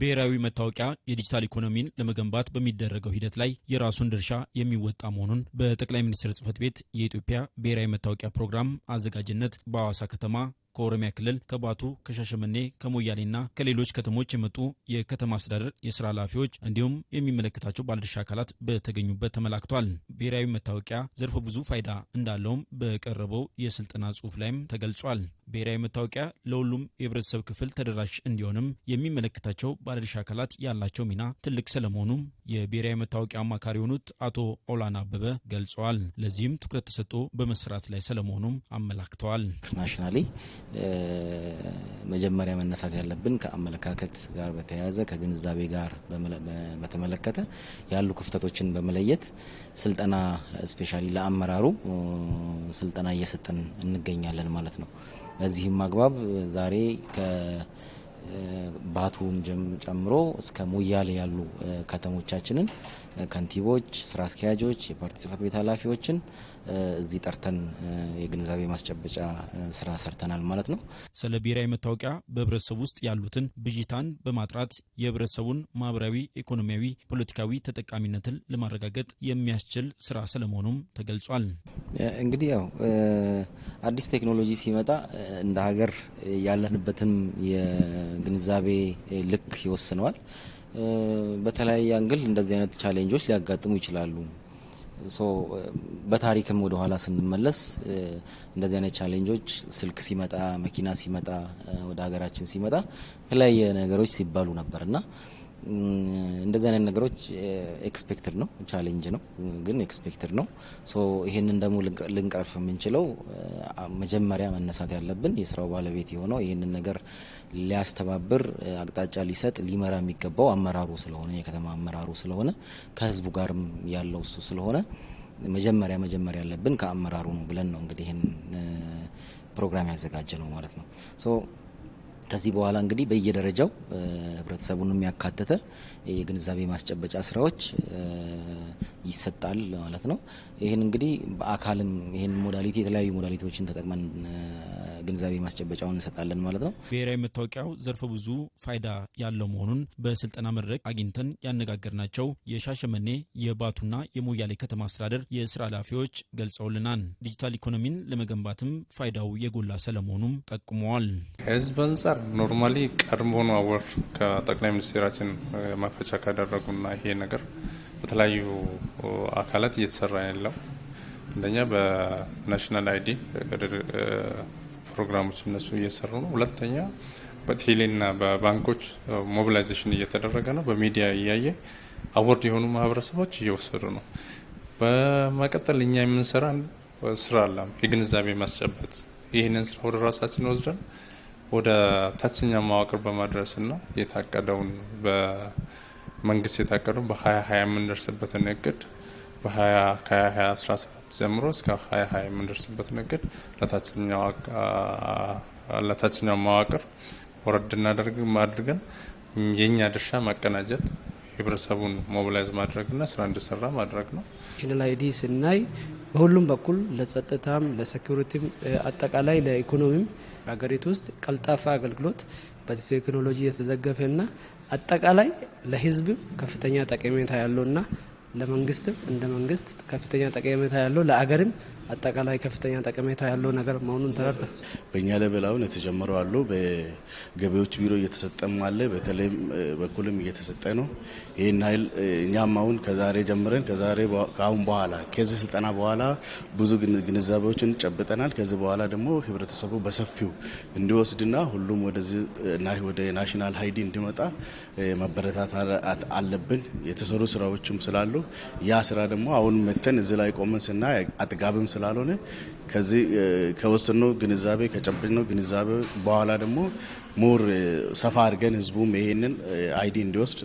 ብሔራዊ መታወቂያ የዲጂታል ኢኮኖሚን ለመገንባት በሚደረገው ሂደት ላይ የራሱን ድርሻ የሚወጣ መሆኑን በጠቅላይ ሚኒስትር ጽህፈት ቤት የኢትዮጵያ ብሔራዊ መታወቂያ ፕሮግራም አዘጋጅነት በሐዋሳ ከተማ ከኦሮሚያ ክልል ከባቱ፣ ከሻሸመኔ፣ ከሞያሌና ከሌሎች ከተሞች የመጡ የከተማ አስተዳደር የስራ ኃላፊዎች እንዲሁም የሚመለከታቸው ባለድርሻ አካላት በተገኙበት ተመላክቷል። ብሔራዊ መታወቂያ ዘርፈ ብዙ ፋይዳ እንዳለውም በቀረበው የስልጠና ጽሁፍ ላይም ተገልጿል። ብሔራዊ መታወቂያ ለሁሉም የህብረተሰብ ክፍል ተደራሽ እንዲሆንም የሚመለከታቸው ባለድርሻ አካላት ያላቸው ሚና ትልቅ ስለመሆኑም የብሔራዊ መታወቂያ አማካሪ የሆኑት አቶ ኦላና አበበ ገልጸዋል። ለዚህም ትኩረት ተሰጥቶ በመስራት ላይ ስለመሆኑም አመላክተዋል። ናሽናሊ መጀመሪያ መነሳት ያለብን ከአመለካከት ጋር በተያያዘ ከግንዛቤ ጋር በተመለከተ ያሉ ክፍተቶችን በመለየት ስልጠና ስፔሻሊ ለአመራሩ ስልጠና እየሰጠን እንገኛለን ማለት ነው። በዚህም አግባብ ዛሬ ባቱን ጨምሮ እስከ ሞያሌ ያሉ ከተሞቻችንን ከንቲቦች፣ ስራ አስኪያጆች፣ የፓርቲ ጽህፈት ቤት ኃላፊዎችን እዚህ ጠርተን የግንዛቤ ማስጨበጫ ስራ ሰርተናል ማለት ነው። ስለ ብሔራዊ መታወቂያ በህብረተሰቡ ውስጥ ያሉትን ብዥታን በማጥራት የህብረተሰቡን ማህበራዊ፣ ኢኮኖሚያዊ፣ ፖለቲካዊ ተጠቃሚነትን ለማረጋገጥ የሚያስችል ስራ ስለመሆኑም ተገልጿል። እንግዲህ ያው አዲስ ቴክኖሎጂ ሲመጣ እንደ ሀገር ያለንበትም ግንዛቤ ልክ ይወስነዋል። በተለያየ አንግል እንደዚህ አይነት ቻሌንጆች ሊያጋጥሙ ይችላሉ። ሶ በታሪክም ወደ ኋላ ስንመለስ እንደዚህ አይነት ቻሌንጆች ስልክ ሲመጣ፣ መኪና ሲመጣ፣ ወደ ሀገራችን ሲመጣ የተለያየ ነገሮች ሲባሉ ነበር እና እንደዚህ አይነት ነገሮች ኤክስፔክትድ ነው፣ ቻሌንጅ ነው፣ ግን ኤክስፔክትድ ነው። ሶ ይህንን ደግሞ ልንቀርፍ የምንችለው መጀመሪያ መነሳት ያለብን የስራው ባለቤት የሆነው ይህንን ነገር ሊያስተባብር አቅጣጫ ሊሰጥ ሊመራ የሚገባው አመራሩ ስለሆነ የከተማ አመራሩ ስለሆነ ከህዝቡ ጋርም ያለው እሱ ስለሆነ መጀመሪያ መጀመሪያ ያለብን ከአመራሩ ነው ብለን ነው እንግዲህ ይህን ፕሮግራም ያዘጋጀ ነው ማለት ነው። ከዚህ በኋላ እንግዲህ በየደረጃው ህብረተሰቡን የሚያካተተ የግንዛቤ ማስጨበጫ ስራዎች ይሰጣል ማለት ነው። ይህን እንግዲህ በአካልም ይህን ሞዳሊቲ የተለያዩ ሞዳሊቲዎችን ተጠቅመን ግንዛቤ ማስጨበጫውን እንሰጣለን ማለት ነው። ብሔራዊ መታወቂያው ዘርፈ ብዙ ፋይዳ ያለው መሆኑን በስልጠና መድረክ አግኝተን ያነጋገርናቸው የሻሸመኔ የባቱና የሞያሌ ከተማ አስተዳደር የስራ ኃላፊዎች ገልጸውልናል። ዲጂታል ኢኮኖሚን ለመገንባትም ፋይዳው የጎላ ስለመሆኑም ጠቁመዋል። ህዝብ አንጻር ኖርማሊ ቀድሞ ነው አወር ከጠቅላይ ሚኒስቴራችን መፈቻ ካደረጉና ይሄ ነገር በተለያዩ አካላት እየተሰራ ያለው አንደኛ በናሽናል አይዲ ፕሮግራሞች እነሱ እየሰሩ ነው። ሁለተኛ በቴሌና በባንኮች ሞቢላይዜሽን እየተደረገ ነው። በሚዲያ እያየ አወርድ የሆኑ ማህበረሰቦች እየወሰዱ ነው። በመቀጠል እኛ የምንሰራ ስራ አለ፣ የግንዛቤ ማስጨበጥ። ይህንን ስራ ወደ ራሳችን ወስደን ወደ ታችኛ መዋቅር በማድረስና የታቀደውን መንግስት የታቀደው በ2020 የምንደርስበትን እቅድ በ2017 ጀምሮ እስከ 2020 የምንደርስበትን እቅድ ለታችኛው መዋቅር ወረድ እናደርግ አድርገን የእኛ ድርሻ ማቀናጀት ህብረተሰቡን ሞቢላይዝ ማድረግና ስራ እንዲሰራ ማድረግ ነው። ናሽናል አይዲ ስናይ በሁሉም በኩል ለጸጥታም፣ ለሴኩሪቲም፣ አጠቃላይ ለኢኮኖሚም ሀገሪቱ ውስጥ ቀልጣፋ አገልግሎት በቴክኖሎጂ የተደገፈና አጠቃላይ ለሕዝብም ከፍተኛ ጠቀሜታ ያለው ያለውና ለመንግስትም እንደ መንግስት ከፍተኛ ጠቀሜታ ያለው ለአገርም አጠቃላይ ከፍተኛ ጠቀሜታ ያለው ነገር መሆኑን ተረድተ በእኛ ለበል አሁን የተጀመረ አሉ በገቢዎች ቢሮ እየተሰጠም አለ በተለይም በኩልም እየተሰጠ ነው። ይህን ኃይል እኛም አሁን ከዛሬ ጀምረን ከዛሬ ከአሁን በኋላ ከዚህ ስልጠና በኋላ ብዙ ግንዛቤዎችን ጨብጠናል። ከዚህ በኋላ ደግሞ ህብረተሰቡ በሰፊው እንዲወስድና ሁሉም ወደዚህ ወደ ናሽናል ሀይዲ እንዲመጣ መበረታታት አለብን። የተሰሩ ስራዎችም ስላሉ ያ ስራ ደግሞ አሁን መተን እዚህ ላይ ቆመን ስና አጥጋብም ስላልሆነ ከዚህ ነው ግንዛቤ ነው ግንዛቤ በኋላ ደግሞ ሞር ሰፋ አድርገን ህዝቡም ይሄንን አይዲ እንዲወስድ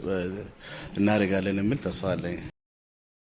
እናደርጋለን የሚል ተስፋ አለኝ።